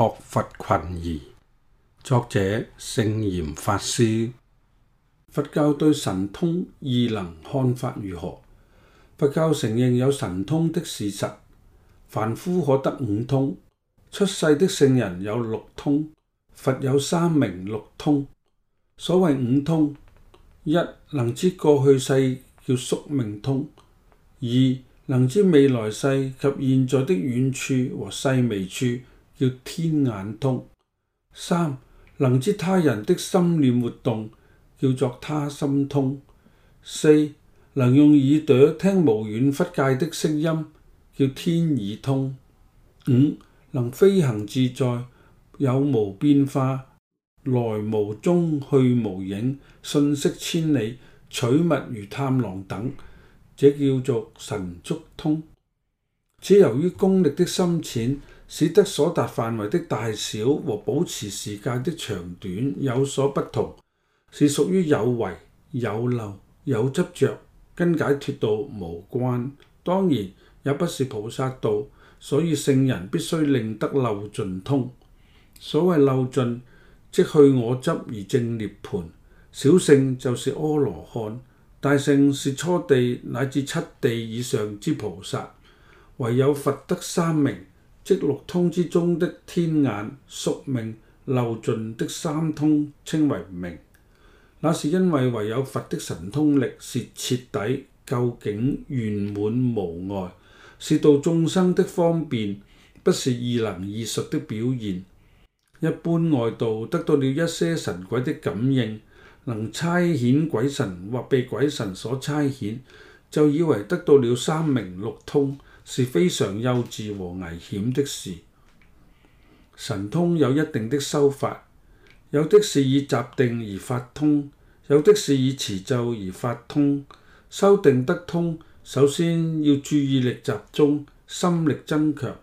學佛群疑，作者聖嚴法師。佛教對神通異能看法如何？佛教承認有神通的事實。凡夫可得五通，出世的聖人有六通，佛有三明六通。所謂五通：一能知過去世叫宿命通；二能知未來世及現在的遠處和細微處，叫天眼通，三能知他人的心念活動，叫做他心通；四能用耳朵聽無遠弗屆的聲音，叫天耳通；五能飛行自在，有無變化，來無蹤去無影，瞬息千里，取物如探囊等，這叫做神足通。且由於功力的深淺，使得所達範圍的大小和保持時間的長短有所不同，是屬於有為、有漏、有執着，跟解脫道無關。當然，也不是菩薩道，所以聖人必須令得漏盡通。所謂漏盡，即去我執而正涅槃。小聖就是阿羅漢，大聖是初地乃至七地以上之菩薩。唯有佛得三明。即六通之中的天眼、宿命、漏盡的三通，稱為明。那是因為唯有佛的神通力是徹底、究竟、圓滿無礙，是度眾生的方便，不是異能異術的表現。一般外道得到了一些神鬼的感應，能差遣鬼神或被鬼神所差遣，就以為得到了三明六通。是非常幼稚和危險的事。神通有一定的修法，有的是以集定而發通，有的是以持咒而發通。修定得通，首先要注意力集中，心力增強，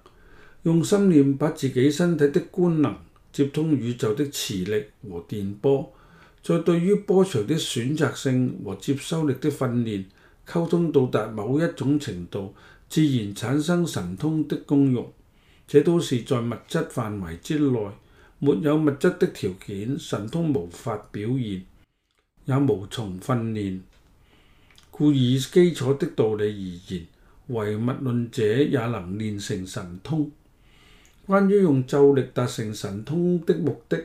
用心念把自己身體的官能接通宇宙的磁力和電波，再對於波長的選擇性和接收力的訓練，溝通到達某一種程度。自然產生神通的功用，這都是在物質範圍之內，沒有物質的條件，神通無法表現，也無從訓練。故以基礎的道理而言，唯物論者也能練成神通。關於用咒力達成神通的目的，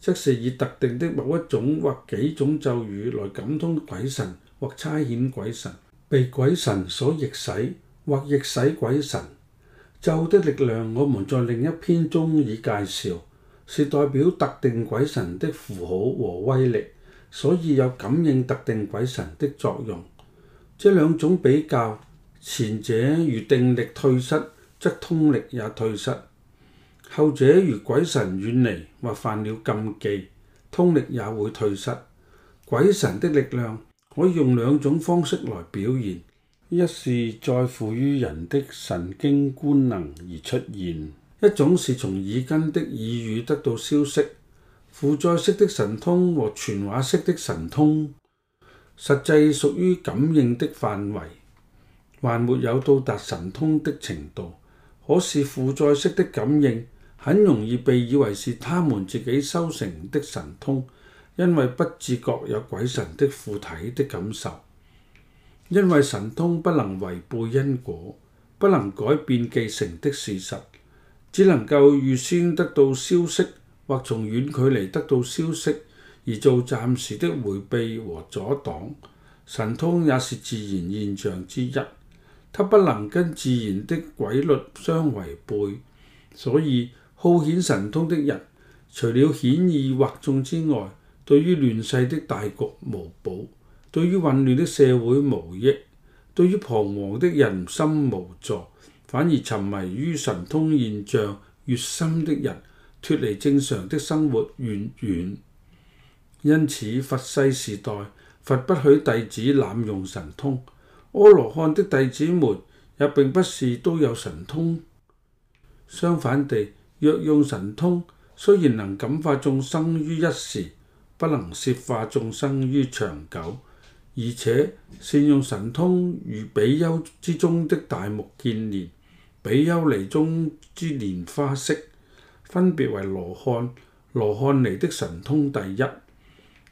則是以特定的某一種或幾種咒語來感通鬼神或差遣鬼神，被鬼神所役使。或役使鬼神。咒的力量，我們在另一篇中已介紹，是代表特定鬼神的符號和威力，所以有感應特定鬼神的作用。這兩種比較，前者如定力退失，則通力也退失；後者如鬼神遠離或犯了禁忌，通力也會退失。鬼神的力量可以用兩種方式來表現。一是在乎於人的神經官能而出現，一種是從耳根的耳語得到消息。附載式的神通和傳話式的神通，實際屬於感應的範圍，還沒有到達神通的程度。可是附載式的感應很容易被以為是他們自己修成的神通，因為不自覺有鬼神的附體的感受。因為神通不能違背因果，不能改變既成的事實，只能夠預先得到消息或從遠距離得到消息而做暫時的迴避和阻擋。神通也是自然現象之一，它不能跟自然的規律相違背，所以好顯神通的人，除了顯異惑眾之外，對於亂世的大局無補。對於混亂的社會無益，對於彷徨的人心無助，反而沉迷於神通現象越深的人，脫離正常的生活越遠。因此，佛世時代佛不許弟子濫用神通，阿羅漢的弟子們也並不是都有神通。相反地，若用神通，雖然能感化眾生於一時，不能攝化眾生於長久。而且善用神通如比丘之中的大目犍連，比丘尼中之蓮花色，分別為羅漢、羅漢尼的神通第一。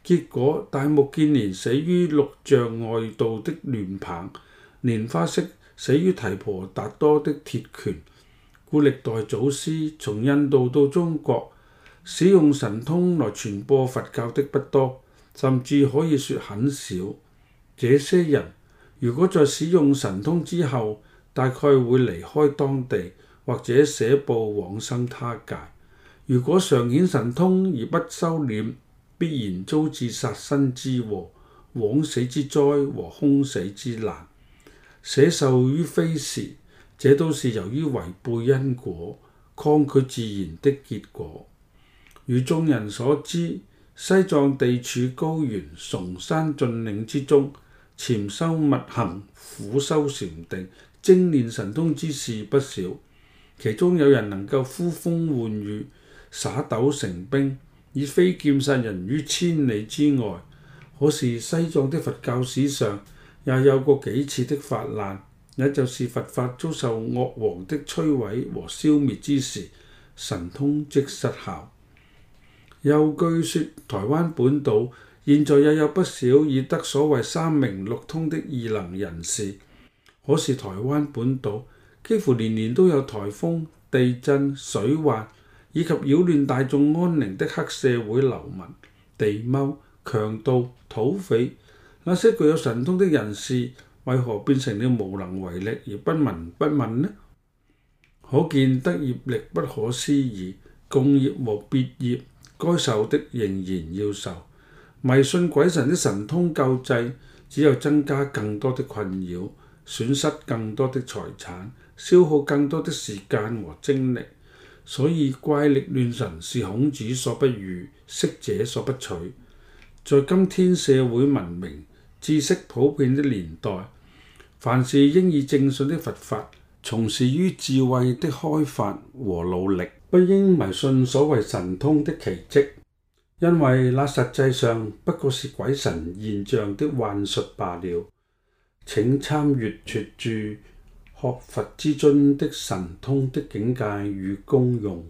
結果，大目犍連死於六障外道的亂棒，蓮花色死於提婆達多的鐵拳。故歷代祖師從印度到中國，使用神通來傳播佛教的不多，甚至可以說很少。這些人如果在使用神通之後，大概會離開當地或者捨報往生他界。如果常顯神通而不收斂，必然遭致殺身之禍、枉死之災和凶死之難，捨受於非時。這都是由於違背因果、抗拒自然的結果。如眾人所知，西藏地處高原、崇山峻嶺之中。潛修密行、苦修禪定、精練神通之事不少，其中有人能夠呼風喚雨、撒豆成兵，以飛劍殺人於千里之外。可是西藏的佛教史上也有過幾次的法難，也就是佛法遭受惡王的摧毀和消滅之時，神通即失效。又據說台灣本島。現在也有不少已得所謂三明六通的異能人士，可是台灣本島幾乎年年都有颱風、地震、水患，以及擾亂大眾安寧的黑社會流民、地踎、強盜、土匪。那些具有神通的人士，為何變成了無能為力而不聞不問呢？可見得業力不可思議，共業和別業，該受的仍然要受。迷信鬼神的神通救濟，只有增加更多的困擾，損失更多的財產，消耗更多的時間和精力。所以怪力亂神是孔子所不語、識者所不取。在今天社會文明、知識普遍的年代，凡事應以正信的佛法，從事於智慧的開發和努力，不應迷信所謂神通的奇跡。因為那實際上不過是鬼神現象的幻術罷了。請參閱拙著《學佛之尊》的神通的境界與功用。